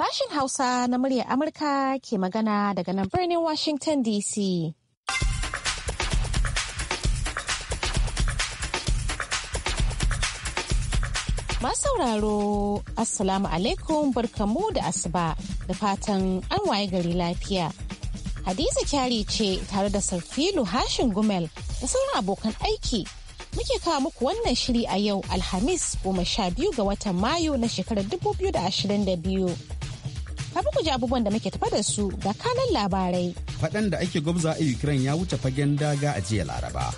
Sashin Hausa na muryar Amurka ke magana daga nan birnin Washington DC. sauraro Assalamu alaikum barkamu da asuba da fatan an waye gari lafiya. Hadiza kyari ce tare da Sarfilu Hashin Gumel da sauran abokan aiki muke kawo muku wannan shiri a yau Alhamis goma sha biyu ga watan Mayu na shekarar 2022. Kafin ku ji abubuwan da muke tafa da su ga kanan labarai. Faɗan da ake gwabza a Ukraine ya wuce fagen daga a jiya Laraba.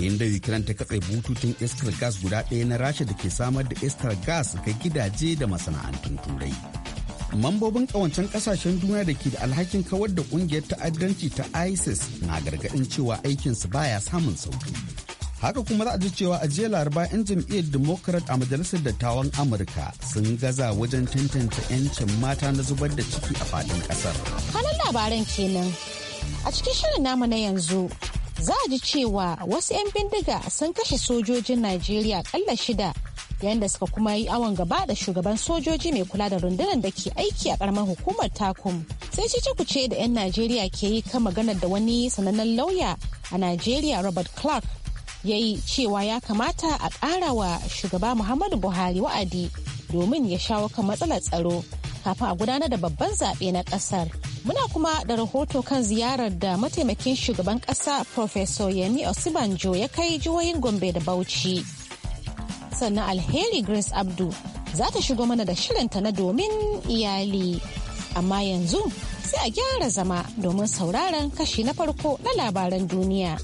Inda Ukraine ta katse bututun iskar gas guda ɗaya na Rasha da ke samar da iskar gas ga gidaje da masana'antun turai. Mambobin ƙawancen ƙasashen duniya da ke da alhakin kawar da ƙungiyar ta'addanci ta ISIS na gargaɗin cewa aikinsu baya samun sauki. haka kuma za a ji cewa a jiya laraba 'yan jam'iyyar democrat a majalisar dattawan amurka sun gaza wajen tantance 'yancin mata na zubar da ciki a faɗin ƙasar kanan labaran kenan a cikin shirin namu na yanzu za a ji cewa wasu 'yan bindiga sun kashe sojojin najeriya kalla shida yayin da suka kuma yi awon gaba da shugaban sojoji mai kula da rundunar da ke aiki a karamar hukumar takum sai ce kuce da 'yan najeriya ke yi kan maganar da wani sanannen lauya a najeriya robert clark ya yi cewa ya kamata a ƙara wa shugaba muhammadu buhari wa'adi domin ya shawo kan matsalar tsaro kafin a gudanar da babban zaɓe na ƙasar muna kuma da rahoto kan ziyarar da mataimakin shugaban ƙasa professor yemi osibanjo ya kai jihohin gombe da bauchi sannan alheri grace abdu za ta shigo mana da shirinta na domin iyali amma yanzu sai a gyara zama domin sauraron kashi na farko na labaran duniya.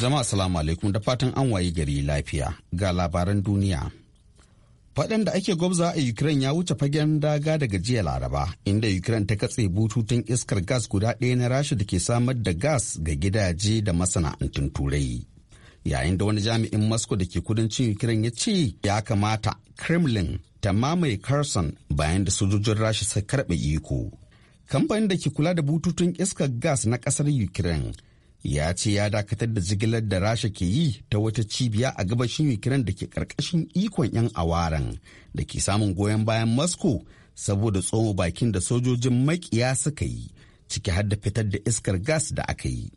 Jama'a salamu alaikum da fatan an wayi gari lafiya ga labaran duniya. Faɗin da ake gwabza a Ukraine ya wuce fagen daga daga jiya Laraba, inda Ukraine ta katse bututun iskar gas guda ɗaya na Rasha da ke samar da gas ga gidaje da masana'antun Turai. Yayin da wani jami'in Moscow da ke kudancin Ukraine ya ce ya kamata Kremlin ta mamaye carson bayan da sojojin Rasha suka karɓe iko. Kamfanin da ke kula da bututun iskar gas na ƙasar Ukraine ya ce ya dakatar da jigilar da rasha ke yi ta wata cibiya a gabashin ukraine da ke karkashin ikon 'yan awaran da ke samun goyon bayan moscow saboda tsoma bakin da sojojin makiya suka yi ciki har da fitar da iskar gas da aka yi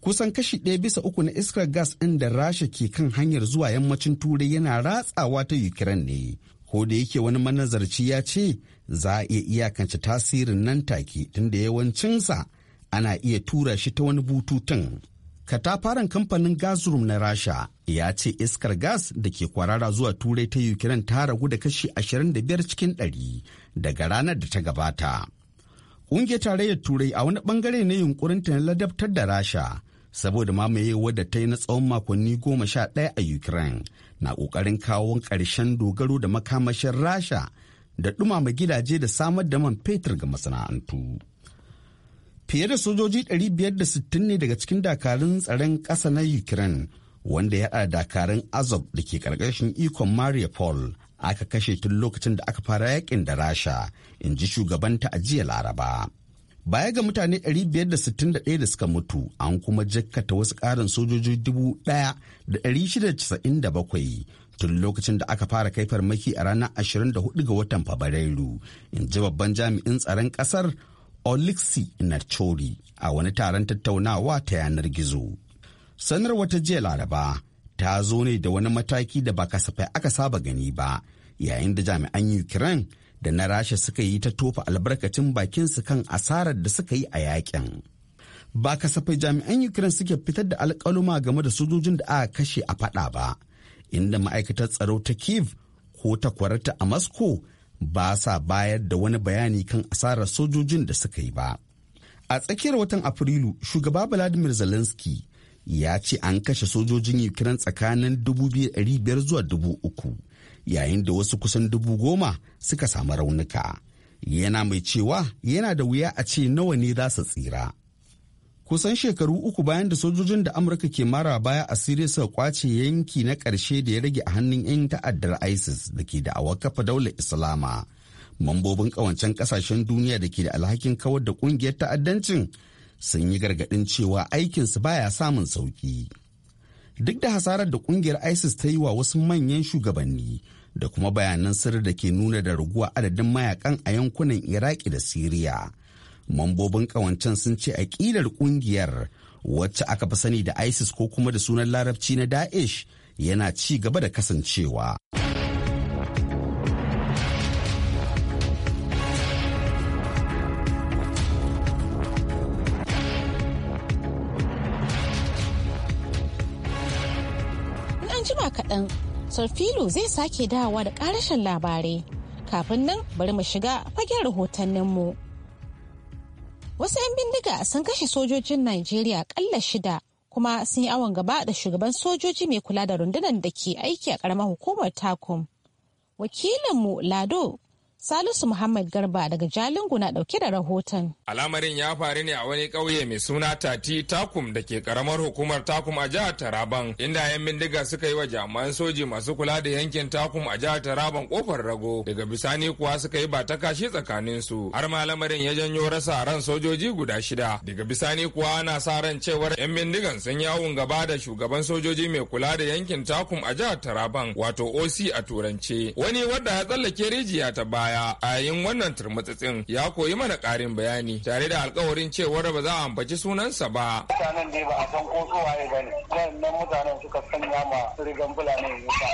kusan kashi ɗaya bisa uku na iskar gas ɗin da rasha ke kan hanyar zuwa yammacin turai yana ratsawa ta ukraine ne ko da yake wani manazarci ya ce za a iya iyakance tasirin nan take tunda yawancinsa ana iya tura shi ta wani bututun. Katafaren kamfanin gazurum na Rasha ya ce iskar gas da ke kwarara zuwa turai ta Ukraine ta ragu da kashi 25 cikin 100 daga ranar da ta gabata. Ƙungiyar tarayyar Turai a wani bangare na yunkurinta na ladabtar da Rasha saboda mamayewa da ta yi na tsawon makonni goma sha ɗaya a Ukraine na ƙoƙarin kawo ƙarshen dogaro da makamashin Rasha da ɗumama gidaje da samar da man fetur ga masana'antu. Fiye da sojoji 560 ne daga cikin dakarun tsaron ƙasa na Ukraine wanda ya haɗa dakarun Azov da ke ƙarƙashin ikon Mariupol aka kashe tun lokacin da aka fara yakin da Rasha, in ji shugaban ta jiya Laraba. Baya ga mutane 561 da suka mutu, an kuma jakkata wasu ƙarin sojoji 1,697 tun lokacin da aka fara kai farmaki a ranar 24 ga watan Fabrairu, in ji babban jami'in tsaron ƙasar Olixi Nachori a wani taron tattaunawa ta yanar gizo. Sanarwa ta jiya Laraba ta zo ne da wani mataki da ba kasafai aka saba gani ba yayin da jami'an Ukraine da na Rasha suka yi ta tofa albarkacin bakinsu kan asarar da suka yi a yakin. Ba kasafai jami'an Ukraine suke fitar da alkaluma game da sojojin da aka kashe a fada ba, inda ma'aikatar tsaro ta Kiev ko ta kwararta a Moscow ba sa bayar da wani bayani kan asarar sojojin da suka yi ba. A tsakiyar watan Afrilu, shugaba Vladimir Zelensky ya ce an kashe sojojin Ukraine tsakanin 2,500 zuwa 3,000 yayin da wasu kusan dubu goma suka samu raunuka. Yana mai cewa yana da wuya a ce nawa ne za su tsira. kusan shekaru uku bayan da sojojin da amurka ke mara baya a siriya suka kwace yanki na ƙarshe da ya rage a hannun 'yan ta'addar isis da ke da kafa daular islama mambobin ƙawancen ƙasashen duniya da ke da alhakin kawar da ƙungiyar ta'addancin sun yi gargaɗin cewa aikinsu baya samun sauƙi duk da hasarar da ƙungiyar isis ta yi wa wasu manyan shugabanni da kuma bayanan sirri da ke nuna da raguwa adadin mayakan a yankunan iraki da siriya mambobin kawancen sun ce aƙidar ƙungiyar wacce aka fi sani da isis ko kuma da sunan larabci na daesh yana ci gaba da kasancewa an jima kaɗan zai sake dawa da ƙarashin labarai kafin nan bari mu shiga fagen rahotanninmu. mu Wasu 'yan bindiga sun kashe sojojin Najeriya kalla shida kuma sun yi awon gaba da shugaban sojoji mai kula da rundunar da ke aiki a ƙaramar hukumar takum. Wakilinmu Lado Salisu Muhammad Garba daga jalingu na dauke da rahoton. Al'amarin ya faru ne a wani ƙauye mai suna Tati Takum da ke ƙaramar hukumar Takum a jihar Taraban, inda 'yan bindiga suka yi wa jami'an soji masu kula da yankin Takum a jihar Taraban kofar rago, daga bisani kuwa suka yi ba ta kashi tsakanin su. Har ma lamarin ya janyo rasa ran sojoji guda shida, daga bisani kuwa ana sa ran cewar 'yan bindigan sun yawon gaba da shugaban sojoji mai kula da yankin Takum a jihar Taraban, wato OC a turance. Wani wanda ya tsallake rijiya ta baya baya a yayin wannan turmutsutsin ya koyi mana ƙarin bayani tare da alkawarin cewar ba za a ambaci sunansa ba. Mutanen dai ba a san ko su waye ba ne. Wannan mutanen suka sanya ma rigan Fulani wuta.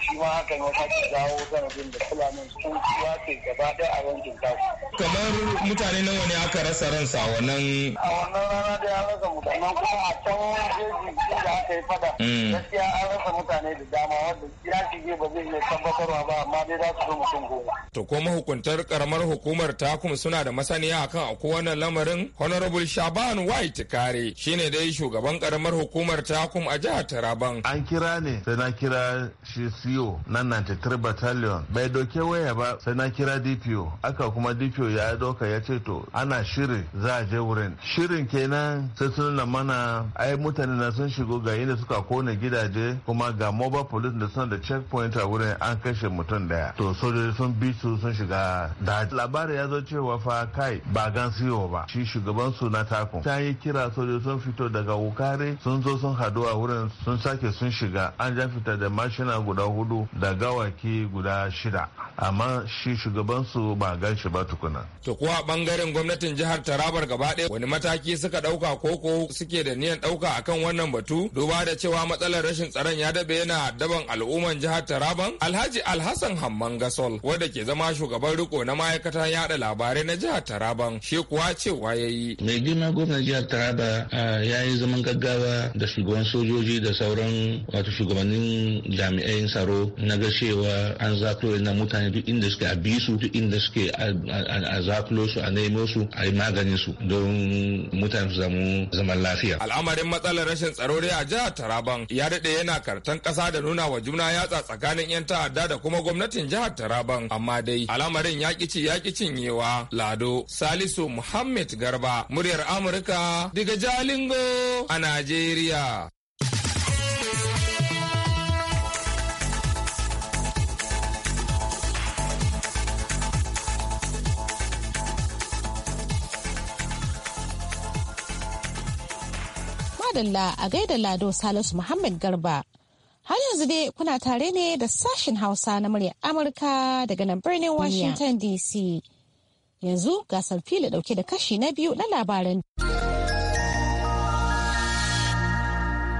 Shi ma hakan ya sake jawo sanadin da Fulani sun wace gaba ɗaya a yankin tasu. Kamar mutane nawa ne aka rasa ransa a wannan. A wannan rana dai an rasa mutanen kuma a can jeji da aka yi fada. Hmm. Gaskiya an rasa mutane da dama wanda ya shige ba zai iya tabbatarwa ba amma dai za su zo mutum goma. ko mahukuntar karamar hukumar takum suna da masaniya akan a kowane lamarin honorable shaban white kare shine dai shugaban karamar hukumar takum a jihar taraban an kira ne sai na kira shi CEO na 93 battalion bai doke waya ba sai na kira dpo aka kuma dpo ya doka ya ce to ana shiri za a je wurin shirin kenan sai sun mana ai mutane na sun shigo ga yinda suka kone gidaje kuma ga mobile police da suna da checkpoint a wurin an kashe mutum daya to sojoji sun bi su sun shiga da labari ya zo cewa fa kai ba gan siyo ba shi shugaban su na takun ta yi kira sojoji sun fito daga wukare sun zo sun hadu a wurin sun sake sun shiga an ja fita da mashina guda hudu da gawaki guda shida amma shi shugaban su ba gan shi ba tukuna to ko a bangaren gwamnatin jihar Tarabar gaba ɗaya wani mataki suka ɗauka koko suke da niyan ɗauka akan wannan batu duba da cewa matsalar rashin tsaron ya dabe yana daban al'umman jihar Taraban Alhaji Alhassan Hamman Gasol wanda ke zama A shugaban riko na ma'aikatan yada labarai na jihar Taraban shi kuwa cewa ya yi. Mai girma gwamnan jihar Taraba ya yi zaman gaggawa da shugaban sojoji da sauran wato shugabannin jami'ai tsaro na ga cewa an zakulo na mutane duk inda suke a bi su duk inda suke a zakulo su a nemo su a yi maganin su don mutane su samu zaman lafiya. Al'amarin matsalar rashin tsaro dai a jihar Taraban ya daɗe yana kartan ƙasa da nuna wa juna yatsa tsakanin 'yan ta'adda da kuma gwamnatin jihar Taraban amma dai al'amarin ya ci ya cinyewa lado salisu muhammad garba muryar amurka diga jalingo a najeriya Madalla a gaida Lado Salisu Muhammad Garba Har yanzu dai kuna tare ne da sashen Hausa na muryar Amurka daga nan birnin Washington DC. Yanzu gasar fili dauke da kashi na biyu na labaran.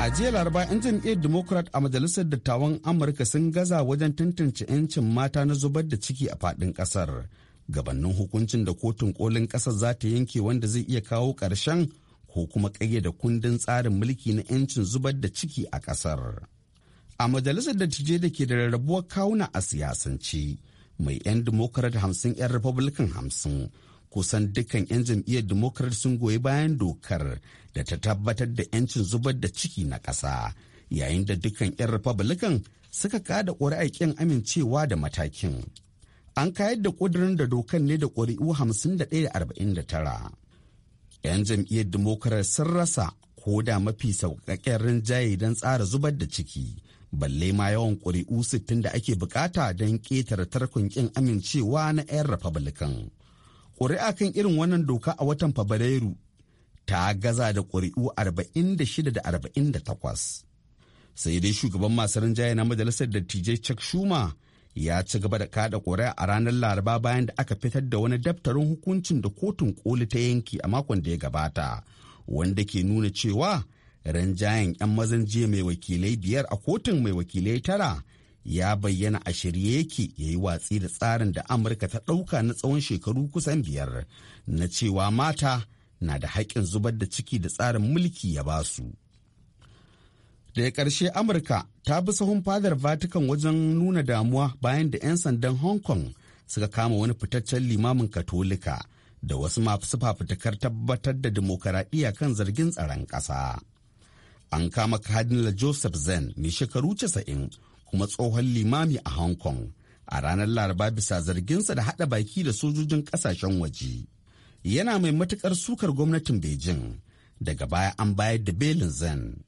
A jiya laraba 'yan jam'iyyar Democrat a majalisar dattawan Amurka sun gaza wajen tantance 'yancin mata na zubar da ciki a faɗin ƙasar. Gabannin hukuncin da kotun kolin ƙasar za ta yanke wanda zai iya kawo ƙarshen ko kuma ƙayyade kundin tsarin mulki na 'yancin zubar da ciki a ƙasar. a majalisar dattijai da ke da rarrabuwar kawuna a siyasance mai 'yan demokrat hamsin 'yan republican hamsin kusan dukkan 'yan jam'iyyar demokrat sun goyi bayan dokar da ta tabbatar da 'yancin zubar da ciki na ƙasa yayin da dukkan 'yan republican suka kada ƙuri'ar ƙin amincewa da matakin an kayar da ƙudurin da dokar ne da ƙuri'u 51.49 'yan jam'iyyar demokrat sun rasa ko da mafi sauƙaƙƙen rinjaye don tsara zubar da ciki balle ma yawan ƙuri'u 60 da ake bukata don ƙetare tarkon ƙin amincewa na 'yan republican ƙuri'a kan irin wannan doka a watan fabrairu ta gaza da ƙuri'u 46 da 48 sai dai shugaban masu rinjaye na majalisar dattijai chuck schumer ya ci gaba da kada ƙuri'a a ranar laraba bayan da aka fitar da wani daftarin hukuncin da kotun koli ta yanki a makon da ya gabata wanda ke nuna cewa rinjayen 'yan mazan jiya mai wakilai biyar a kotun mai wakilai tara ya bayyana a shirye yake ya yi watsi da tsarin da amurka ta ɗauka na tsawon shekaru kusan biyar na cewa mata na da haƙƙin zubar da ciki da tsarin mulki ya ba basu. daga ƙarshe amurka ta bi sahun fadar vatican wajen nuna damuwa bayan da 'yan sandan hong kong suka kama wani fitaccen limamin katolika da wasu masu fafutukar tabbatar da dimokuraɗiyya kan zargin tsaron ƙasa. an kama Cardinal Joseph Zen mai shekaru 90 kuma tsohon limami a Hong Kong a ranar Laraba bisa zarginsa da haɗa baki da sojojin ƙasashen waje. Yana mai matukar sukar gwamnatin Beijing daga baya an bayar da belin Zen.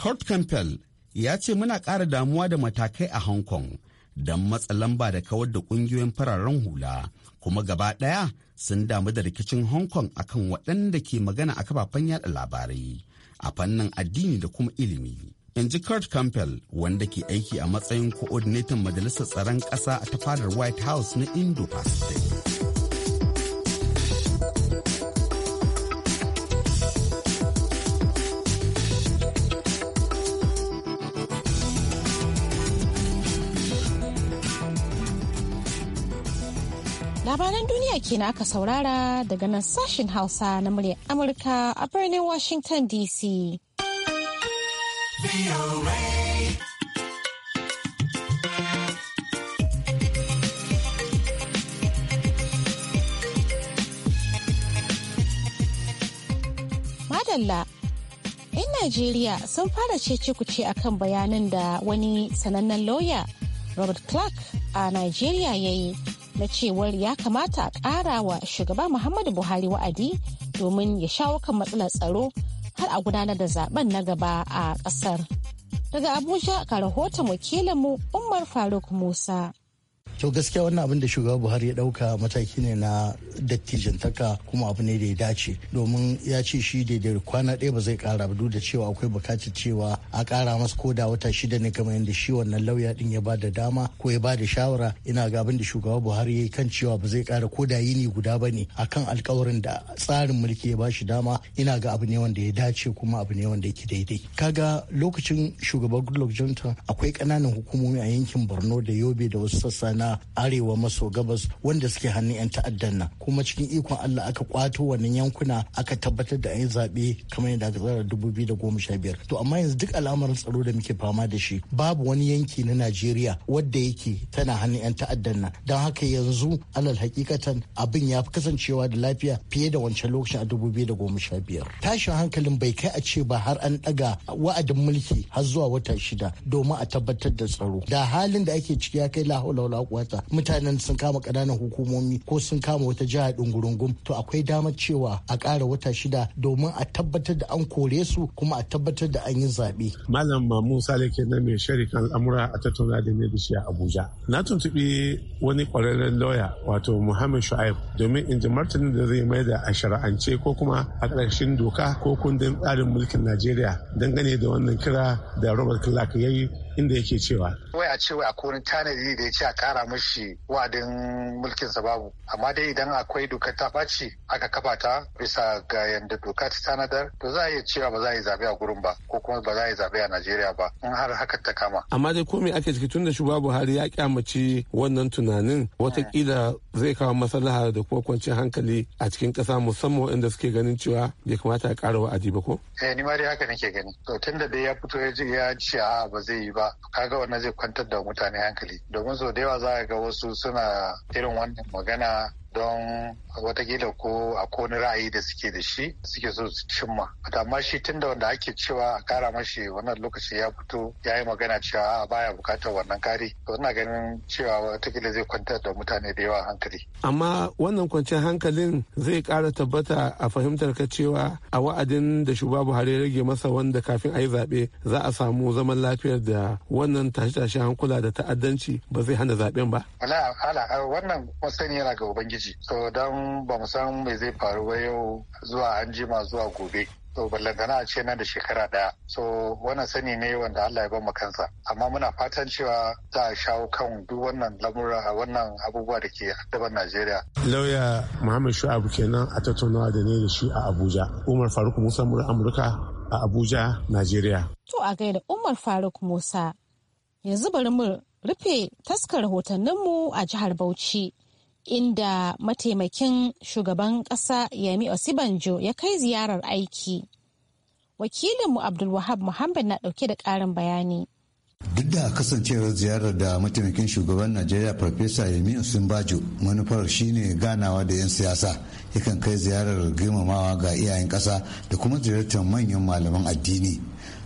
Kurt Campbell ya ce muna ƙara damuwa da matakai a Hong Kong don matsa lamba da kawar da ƙungiyoyin fararen hula kuma gaba ɗaya sun damu da rikicin Hong Kong akan waɗanda ke magana a kafafen yada labarai. a fannin addini da kuma ilimi. In ji Kurt Campbell wanda ke aiki a matsayin coordinating majalisar tsaron ƙasa ta fadar White House na Indo-Pacific. duniya na aka saurara daga nan sashen Hausa na muryar Amurka a birnin Washington DC. Madalla 'yan Najeriya sun fara cece kuce akan bayanin da wani sanannen lauya Robert Clark a Najeriya ya yi na cewar ya kamata a ƙara wa shugaba Muhammadu Buhari wa'adi domin ya shawo kan matsalar tsaro har a gudanar da zaben na gaba a ƙasar. Daga Abuja ka rahoton wakilinmu Umar Faruk Musa. to gaskiya wannan abin da shugaba buhari ya dauka mataki ne na taka kuma abu ne da ya dace domin ya ce shi daidai kwana ɗaya ba zai kara ba duk da cewa akwai bukatar cewa a kara masa ko da wata shida ne kamar yadda shi wannan lauya din ya bada dama ko ya bada shawara ina ga abin da shugaba buhari ya yi kan cewa ba zai kara ko da yini guda ba ne akan alkawarin da tsarin mulki ya bashi dama ina ga abu ne wanda ya dace kuma abu ne wanda yake daidai kaga lokacin shugaba goodluck jonathan akwai ƙananan hukumomi a yankin borno da yobe da wasu sassa na arewa maso gabas wanda suke hannun 'yan ta'addan nan kuma cikin ikon Allah aka kwato wannan yankuna aka tabbatar da an yi zaɓe kamar yadda aka tsara dubu biyu da goma sha biyar to amma yanzu duk al'amarin tsaro da muke fama da shi babu wani yanki na Najeriya wadda yake tana hannun 'yan ta'addan na don haka yanzu alal hakikatan abin ya fi kasancewa da lafiya fiye da wancan lokacin a dubu biyu da goma sha biyar tashin hankalin bai kai a ce ba har an daga wa'adin mulki har zuwa wata shida domin a tabbatar da tsaro da halin da ake ciki ya kai la wata mutanen sun kama ƙananan hukumomi ko sun kama wata jiha ɗungurungum to akwai damar cewa a ƙara wata shida domin a tabbatar da an kore su kuma a tabbatar da an yi zaɓe. Malam Mamu Sale na mai sharikan al'amura a tattauna da ne bishiya a Abuja. Na tuntuɓi wani ƙwararren lauya wato Muhammad Shu'aib domin in ji martanin da zai mai da a shari'ance ko kuma a ƙarshen doka ko kundin tsarin mulkin Najeriya dangane da wannan kira da Robert Clark ya yi inda yake cewa wai a ce wai akwai wani tanadi da ya ce a kara mashi wa'adin mulkin sa babu amma dai idan akwai doka ta ɓaci aka kafa ta bisa ga yadda doka ta tanadar to za a iya cewa ba za a yi zaɓe a gurin ba ko kuma ba za a yi zaɓe a Najeriya ba in har haka ta kama amma dai komai ake ciki tun da shugaba Buhari ya kyamaci wannan tunanin watakila zai kawo maslaha da kuma kwanciyar hankali a cikin ƙasa musamman waɗanda suke ganin cewa bai kamata a ƙara wa'adi ba ko? Eh ni ma dai haka nake gani. To tun da dai ya fito ya ci a ba zai yi ba ba kaga wannan zai kwantar da mutane hankali domin sau da yawa za a ga wasu suna irin wannan magana don watakila ko a kone ra'ayi da suke da shi suke so su cimma amma shi tun da wanda ake cewa a kara mashi wannan lokaci ya fito ya yi magana cewa a baya bukatar wannan kari to ina ganin cewa watakila zai kwantar da mutane da yawa hankali amma wannan kwanciyar hankalin zai kara tabbata a fahimtar ka cewa a wa'adin da shugaba buhari ya rage masa wanda kafin a yi zaɓe za a samu zaman lafiyar da wannan tashe-tashe hankula da ta'addanci ba zai hana zaɓen ba. wannan masani yana ga ubangiji ji. so dan ba mu san me zai faru ba yau zuwa an jima zuwa gobe to ballantana a ce nan da shekara daya so wannan sani ne wanda Allah ya mu kansa amma muna fatan cewa za a shawo kan duk wannan lamura wannan abubuwa da ke addaban Najeriya lauya Muhammad Shu'abu kenan a tattaunawa da ne da shi a Abuja Umar Faruk Musa Amurka a Abuja Najeriya to a gaida Umar Faruk Musa yanzu bari mu rufe taskar rahotanninmu a jihar Bauchi inda mataimakin shugaban ƙasa yami Osibanjo ya kai ziyarar aiki. Wakilinmu Abdulwahab Muhammad na ɗauke da ƙarin bayani. Duk da kasancewar ziyarar da mataimakin shugaban Najeriya Farfesa yami Osinbajo manufar shine ganawa da 'yan siyasa yakan kai ziyarar girmamawa ga iyayen ƙasa da kuma ziyartar manyan malaman addini.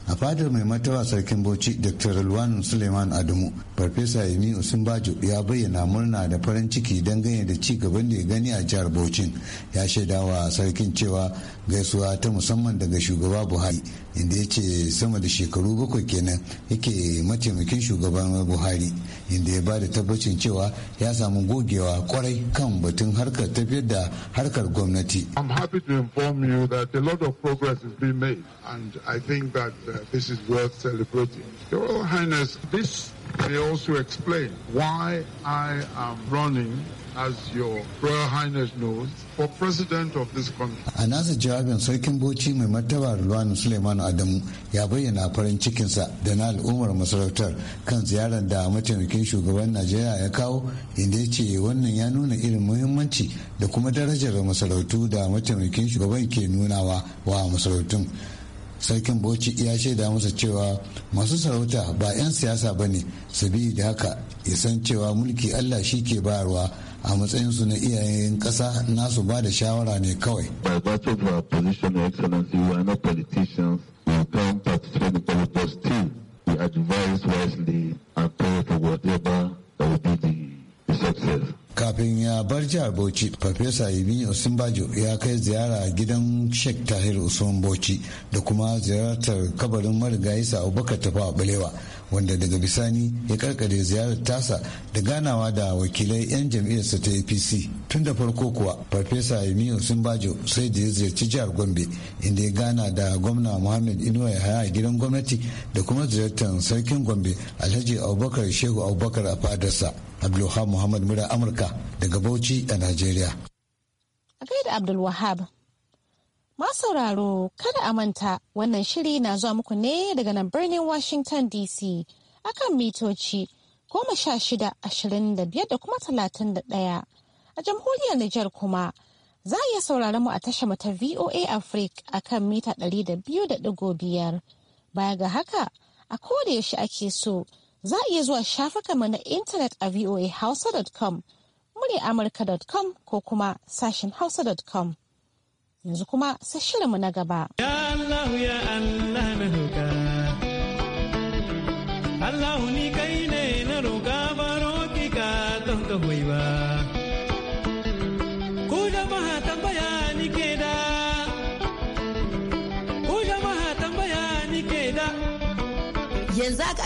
a fadar mai martaba sarkin bauchi dr ralwan suleiman adamu farfesa usun bajo ya bayyana murna da farin ciki dangane da ci gaban da ya gani a jihar bauchi ya shaida wa sarkin cewa gaisuwa ta musamman daga shugaba buhari inda ya ce sama da shekaru bakwai kenan yake mataimakin shugaban buhari inda ya ba da tabbacin cewa ya samu gogewa kwarai kan batun harkar tafiyar da harkar gwamnati. happy to inform you that a lot progress is being and I that uh, this is worth celebrating. Your this I also explain why I am running as your Royal Highness knows, for president of this country. A nasa jawabin sarkin Boci mai martaba Ruwan Suleiman Adamu ya bayyana farin cikinsa da na al'ummar masarautar kan ziyarar da mataimakin shugaban Najeriya ya kawo inda ya ce wannan ya nuna irin muhimmanci da kuma darajar masarautu da mataimakin shugaban ke nunawa wa masarautun. sarkin bauchi ya shaida masa cewa masu sarauta ba 'yan siyasa ba ne da haka ya san cewa mulki allah shi ke bayarwa a matsayinsu na iyayen ƙasa nasu ba da shawara ne kawai advise wisely and pray for whatever will be the success. kafin ya bar jihar bauchi farfesa yemi osinbajo ya kai ziyara gidan sheikh tahir usman bauchi da kuma ziyartar kabarin marigayi abubakar tafa balewa wanda daga bisani ya karkare ziyarar tasa da ganawa da wakilai 'yan jam'iyyarsa ta apc tun da farko kuwa farfesa yemi Simbajo sai da ya ziyarci jihar gombe inda ya gana da gwamna muhammad inuwa yahaya a gidan gwamnati da kuma ziyartar sarkin gombe alhaji abubakar shehu abubakar a fadarsa abdulwahab muhammad mura amurka daga bauchi a najeriya a gaida abdulwahab masauraro kada a manta wannan shiri na zuwa muku ne daga nan birnin washington dc akan mitoci goma sha shida ashirin da biyar da kuma talatin da ɗaya a jamhuriyar nijar kuma za a iya saurari mu a tashar mata voa africa akan mita ɗari da biyu da ɗigo biyar baya ga haka a koda yaushe ake so za a iya zuwa shafukanmu na intanet a voahausa.com amurka.com ko kuma sashen hausa.com yanzu kuma sai shirinmu na gaba. Ya Allah ya Allah na roƙa, Allah ni kai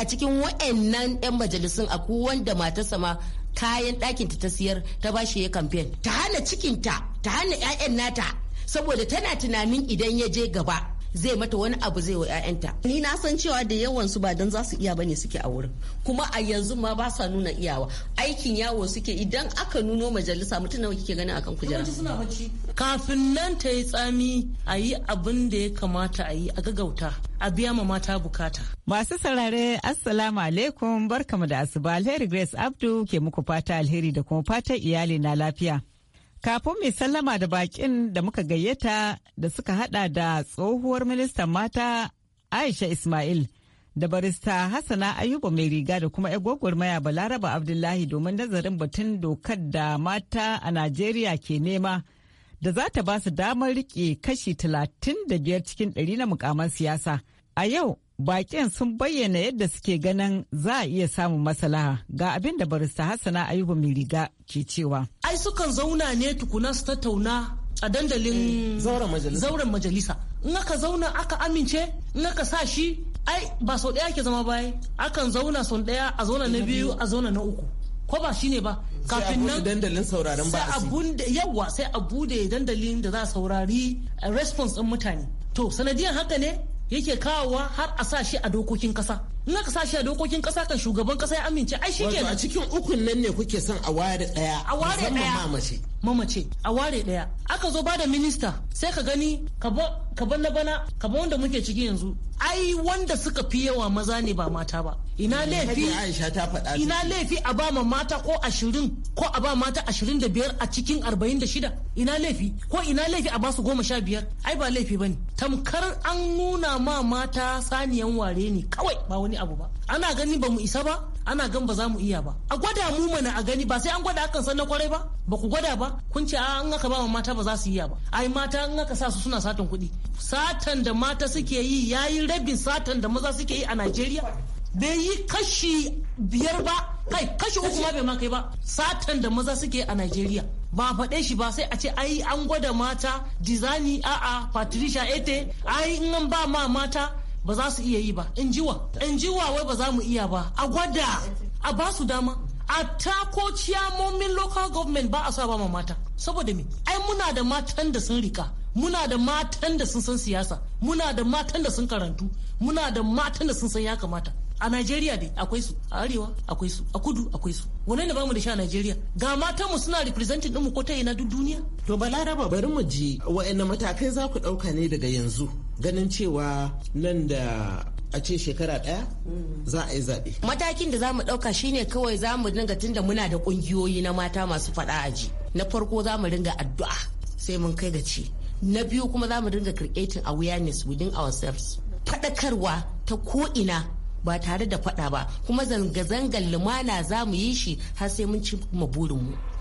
a cikin wa'annan 'yan majalisun a wanda matarsa ma kayan ɗakinta ta siyar ta bashi ya kamfen ta hana cikinta ta hana 'ya'yan nata saboda tana tunanin idan ya je gaba zai mata wani abu zai wa 'ya'yanta ni na san cewa da yawan su ba dan za su iya bane suke a wurin kuma a yanzu ma ba sa nuna iyawa aikin yawo suke idan aka nuno majalisa mutum nawa kike ganin akan kujera kafin nan ta yi tsami a yi abin da ya kamata a yi a gagauta a biya ma mata bukata masu saurare assalamu alaikum barkamu da asuba alheri grace abdu ke muku fata alheri da kuma fatan iyali na lafiya Kafin mai sallama da bakin da muka gayyata da suka hada da tsohuwar ministan mata Aisha Ismail da barista Hassana Ayuba mai riga da kuma maya Balaraba Abdullahi domin nazarin batun dokar da mata a Najeriya ke nema da za ta ba su damar rike kashi 35 cikin 100 na mukaman siyasa. A yau bakin sun bayyana yadda suke ganin za a iya samun maslaha ga abin da barista hassana ayuba mai riga ke cewa ai sukan zauna ne tukuna su tattauna a dandalin mm. zauren majalisa in aka zauna aka amince in aka sa shi ai ba sau daya ke zama baya akan zauna sau daya a zauna na biyu a zauna na uku ko ba shine ba kafin nan dandalin sauraron ba yawa sai a bude dandalin da za a saurari response din mutane to sanadiyan haka ne yake kawowa har a sa shi a dokokin kasa na kasashe dokokin kasa kan shugaban kasa ya amince ai shi kenan a cikin ukun nan ne kuke son a ware daya a ware daya mamace mamace a ware daya aka zo ba da minista sai ka gani ka ba na bana ka ba wanda muke ciki yanzu ai wanda suka fi yawa maza ne ba mata ba ina laifi ina laifi a ba ma mata ko ashirin ko a ba mata ashirin da biyar a cikin arba'in da shida ina laifi ko ina laifi a su goma sha biyar ai ba laifi bane tamkar an nuna ma mata saniyan ware ne kawai ba wani wani abu ba ana gani ba mu isa ba ana gan ba za mu iya ba a gwada mu mana a gani ba sai an gwada akan san na kwarai ba ba ku gwada ba kun ce an aka ba mata ba za su iya ba ai mata an aka sa su suna satan kuɗi satan da mata suke yi yayi rabin satan da maza suke yi a Najeriya bai yi kashi biyar ba kai kashi uku ma bai ma kai ba satan da maza suke a Najeriya ba faɗe shi ba sai a ce ai an gwada mata dizani a'a patricia ete ai in ba ma mata ba za su iya yi ba in jiwa in jiwa wai ba za mu iya ba a gwada a ba su dama a tako ciyamomin local government ba a sa ba mata saboda me ai muna da matan da sun rika muna da matan da sun san siyasa muna da matan da sun karantu muna da matan da sun san ya kamata a Najeriya dai akwai su a arewa akwai su a kudu akwai su wannan ne bamu da shi a Najeriya ga matan mu suna representing din mu ko ta ina duk duniya to balaraba bari mu ji wa'annan matakai za ku dauka ne daga yanzu ganin cewa nan da a ce shekara ɗaya za a yi zaɓe. Matakin da za mu ɗauka shine kawai za mu dinga tunda muna da ƙungiyoyi na mata masu faɗa aji. Na farko za mu dinga addu'a sai mun kai gaci. Na biyu kuma za mu dinga creating awareness within ourselves. Faɗakarwa ta ko'ina ba tare da faɗa ba kuma zanga-zangar lumana za mu yi shi har sai mun ci mu.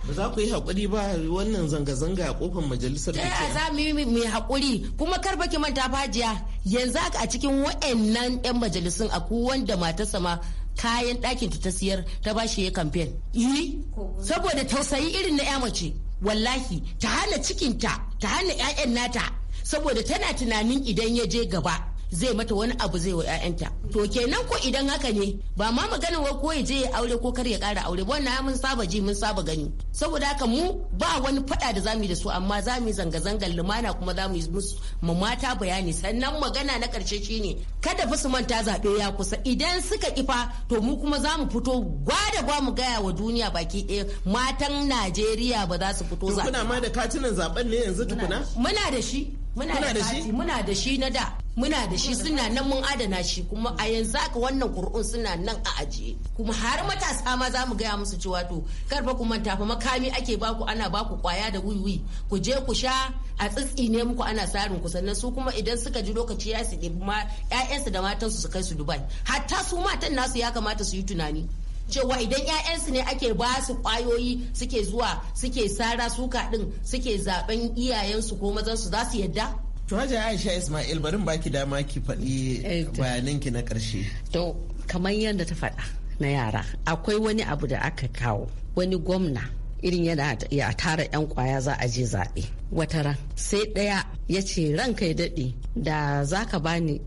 ba za ku yi hakuri ba wannan zanga-zanga a kofar majalisar da ke za mu yi mai hakuri kuma kar baki manta fajiya yanzu a cikin wa'annan yan majalisun aku wanda mata sama kayan ɗakin ta siyar ta ba shi ya kamfen yi saboda tausayi irin na ya mace wallahi ta hana cikinta ta hana 'ya'yan nata saboda tana tunanin idan ya je gaba zai mata wani abu zai wa 'ya'yanta to kenan ko idan haka ne ba ma magana wa ko ya je ya aure ko kar ya kara aure ba wannan mun saba ji mun saba gani saboda haka mu ba wani fada da zamu yi da su amma zamu yi zanga-zangar lumana kuma zamu yi musu mu mata bayani sannan magana na karshe shine kada fa su manta zabe ya kusa idan suka kifa to mu kuma zamu fito gwada gwa mu gaya wa duniya baki ɗaya matan Najeriya ba za su fito zabe kuna ma da katunan zaben ne yanzu tukuna muna da shi muna da shi muna da shi na da muna da shi suna nan mun adana shi kuma a yanzu haka wannan kur'un suna nan a ajiye kuma har matasa ma zamu gaya musu cewa to karfa ku manta fa makami ake baku ana baku kwaya da wiwi ku je ku sha a tsitsi ne muku ana sarin ku sannan su kuma idan suka ji lokaci ya su ɗebi ma ƴaƴansu da matansu su kai su Dubai hatta su matan nasu ya kamata su yi tunani cewa idan 'ya'yansu ne ake ba su kwayoyi suke zuwa suke sara suka din suke zaben iyayensu ko mazansu za su yadda to haja aisha ismail barin baki dama ki faɗi eh, ki na ƙarshe to kamar yadda ta faɗa na yara akwai wani abu da aka kawo wani gwamna irin yana ya tara 'yan kwaya za a je zaɓe wata ran sai ɗaya ya ce ranka ya daɗe da za ka bani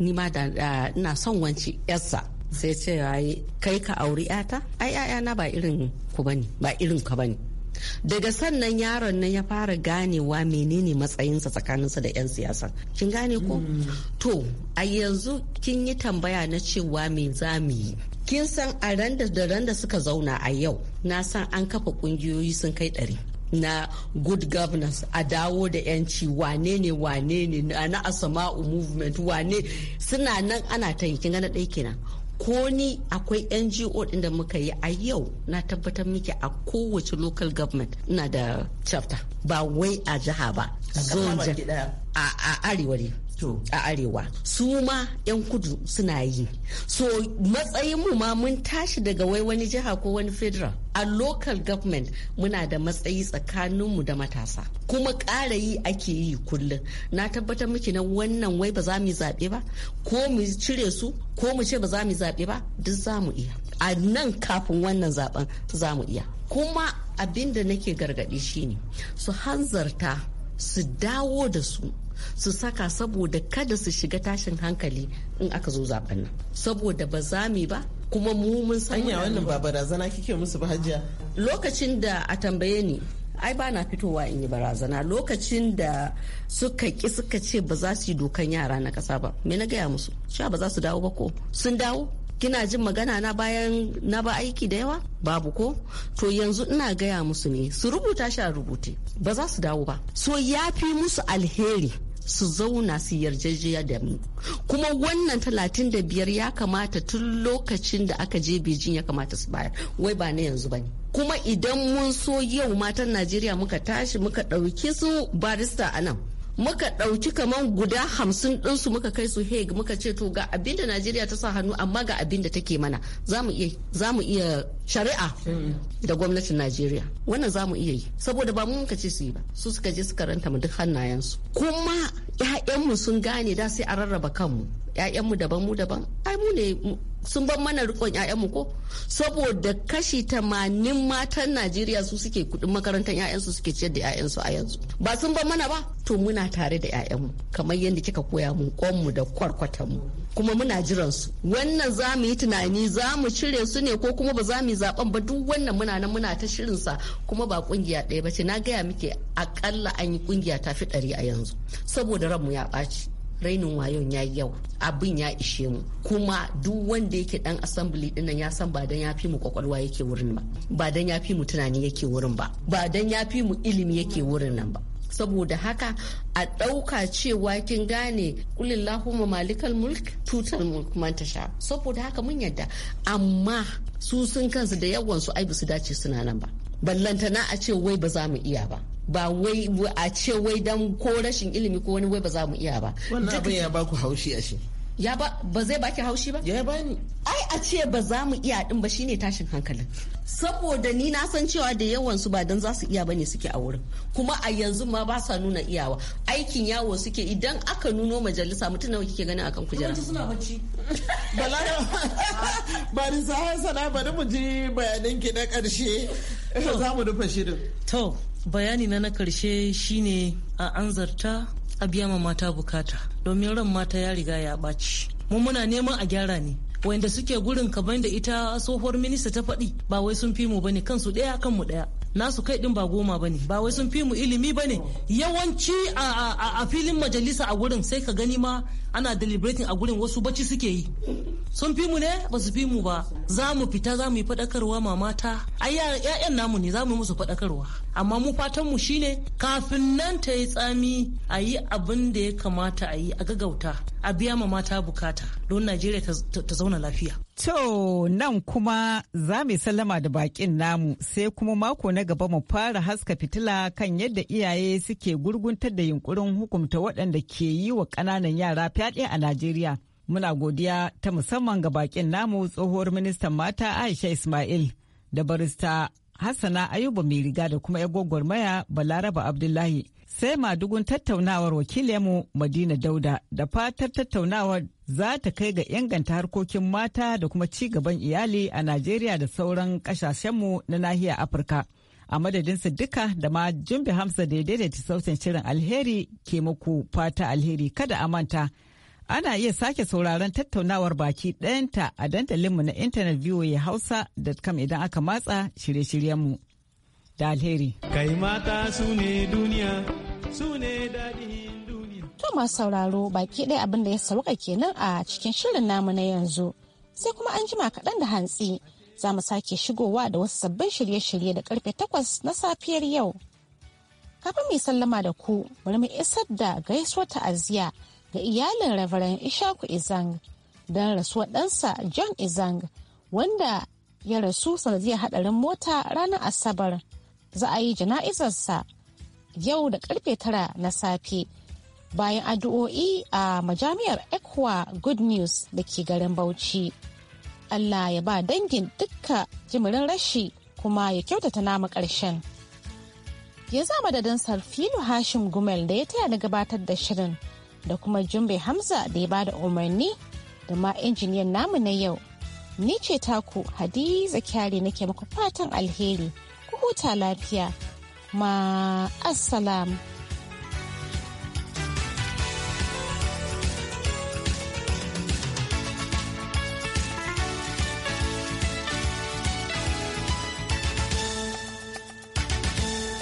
ni ma da ina son wance yarsa sai ce kai ka auri yata ai yayana ba irin ku bane ba irin ka bane daga sannan yaron nan ya fara ganewa menene matsayinsa tsakaninsa da 'yan siyasa kin gane ko mm. to a yanzu kin yi tambaya na cewa me za mu yi kin san a randa da randa suka zauna a yau na san an kafa kungiyoyi sun kai ɗari na good governance a dawo da yanci wane ne wane ne na asama'u movement wane suna nan ana ta yi kin gana ɗaya kenan ko ni akwai ngo din da muka yi a yau na tabbatar miki a kowace local government na da chapter ba wai a jiha ba a arewa ne a arewa su ma 'yan kudu suna yi so matsayin mu ma mun tashi daga wai wani jiha ko wani federal a local government muna da matsayi tsakaninmu da matasa kuma ƙara yi ake yi kullum na tabbatar miki na wannan wai ba za mu zaɓe ba ko mu cire su ko mu ce ba za mu zaɓe ba duk za mu iya a nan kafin wannan zaben za mu iya kuma abin da nake gargaɗi shine su hanzarta su dawo da su su saka saboda kada su shiga tashin hankali in aka zo zaben nan saboda ba za mu ba kuma mu mun san wannan ba barazana kike musu ba hajiya lokacin da a tambaye ni ai ba na fitowa in yi barazana lokacin da suka ki suka ce ba za su yi dokan yara na kasa ba me na gaya musu sha ba za su dawo ba ko sun dawo kina jin magana na bayan na ba aiki da yawa babu ko to yanzu ina gaya musu ne su rubuta shi a rubuti ba za su dawo ba so ya fi musu alheri su zauna su yarjejiya da mu kuma wannan talatin da biyar ya kamata tun lokacin da aka je bijin ya kamata su bayar wai ba na yanzu ba ne kuma idan mun so yau matan Najeriya muka tashi muka ɗauki su barista a nan muka ɗauki kamar guda hamsin ɗinsu muka kai su heg muka ce to ga abinda najeriya ta sa hannu amma ga abin da take mana za mu iya shari'a da gwamnatin najeriya wannan za mu iya yi saboda ba mu muka ce su yi ba su suka je su ranta mu duk hannayensu kuma 'ya'yanmu sun gane da sai a rarraba kanmu 'ya'yanmu daban mu daban ai mu ne sun ban mana rikon 'ya'yanmu ko saboda kashi tamanin matan najeriya su suke kudin makarantar 'ya'yansu suke ciyar da 'ya'yansu a yanzu ba sun ban mana ba to muna tare da 'ya'yanmu kamar yadda kika koya mu kwanmu da kwarkwatanmu kuma muna jiran su wannan za mu yi tunani za mu cire su ne ko kuma ba za mu yi zaben ba duk wannan muna nan muna ta shirin sa kuma ba kungiya ɗaya ba ce na gaya muke akalla an yi kungiya ta fi ɗari a yanzu saboda ranmu ya ɓaci rainin wayon ya yau abin ya ishe mu kuma duk wanda yake dan assembly dinnan ya san ba dan ya fi mu kwakwalwa yake wurin ba ba dan ya fi mu tunani yake wurin ba ba dan ya fi mu ilimi yake wurin nan ba saboda haka a ɗauka cewa kin gane ma malikal mulk tutar mulk manta sha saboda haka mun yadda amma su sun kansu da yawan su ai su dace suna nan ba ballantana a ce wai ba za mu iya ba ba wai a ce wai dan ko rashin ilimi ko wani wai ba za mu iya ba wannan abin ya baku haushi a shi ya ba ba zai baki haushi ba ya bani ai a ce ba za mu iya din ba shine tashin hankalin saboda ni na san cewa da yawan su ba dan za su iya bane suke a wurin kuma a yanzu ma ba sa nuna iyawa aikin yawo suke idan aka nuno majalisa mutum nawa kike ganin akan kujera suna bacci bala bari sa hasana bari mu ji bayanan ki na karshe za mu rufe shirin to bayani na na karshe shine a anzarta a biya ma mata bukata domin ran mata ya riga ya ɓaci mu muna neman a gyara ne wanda suke gurin kaban da ita tsohuwar minista ta faɗi ba wai sun fi mu bane kansu ɗaya kanmu ɗaya nasu kai din ba goma bane ba wai sun fi mu ilimi bane yawanci a filin majalisa a gurin sai ka gani ma ana deliberating a gurin wasu bacci suke yi sun fi mu ne ba su fi mu ba za mu fita za mu yi fadakarwa ma mata ai ya'yan namu ne za mu musu fadakarwa amma mu fatan mu shine kafin nan ta yi tsami a yi abin da ya kamata a yi a gagauta a biya ma mata bukata don najeriya ta zauna lafiya To nan kuma za mu sallama da bakin namu sai kuma mako na gaba mu fara haska fitila kan yadda iyaye suke gurguntar da yunkurin hukumta waɗanda ke yi wa ƙananan yara fyaɗe a Najeriya. Muna godiya ta musamman ga bakin namu tsohuwar ministan mata Aisha Ismail da barista Hassana Ayuba mai riga da kuma 'yan gwagwarmaya Balaraba Abdullahi. sai madugun tattaunawar wakilinmu Madina Dauda da fatar tattaunawar za ta kai ga inganta harkokin mata da kuma ci gaban iyali a Najeriya da sauran kasashenmu na nahiyar Afirka. A madadinsu duka da ma Jumbe hamsa da ta sautin shirin alheri ke muku fata alheri kada a manta. Ana iya sake sauraron tattaunawar baki ɗayanta a dandalinmu na intanet hausa.com idan aka matsa shirye-shiryenmu. da alheri. Kai mata su ne duniya, su ne daɗin duniya. To masu sauraro baki ɗaya abin da ya sauka kenan a cikin shirin namu na yanzu. Sai kuma an jima kaɗan da hantsi za mu sake shigowa da wasu sabbin shirye-shirye da karfe takwas na safiyar yau. Kafin mai sallama da ku, bari mu isar da gaisuwar ta'aziyya ga iyalin Reverend Ishaku Izang don rasuwar ɗansa John Izang wanda ya rasu sanadiyar hadarin mota ranar Asabar. za a yi jana'izarsa yau da karfe tara na safe bayan addu'o'i a majami'ar ekwa good news da ke garin bauchi allah ya ba dangin dukka jimirin rashi kuma ya kyautata namu ƙarshen yanzu madadin sarfilu hashim gumel da ya taya na gabatar da shirin da kuma jumbe hamza da ya bada umarni da ma injiniyan namu na yau ni ce taku hadiza kyari nake muku fatan alheri huta lafiya ma assalam.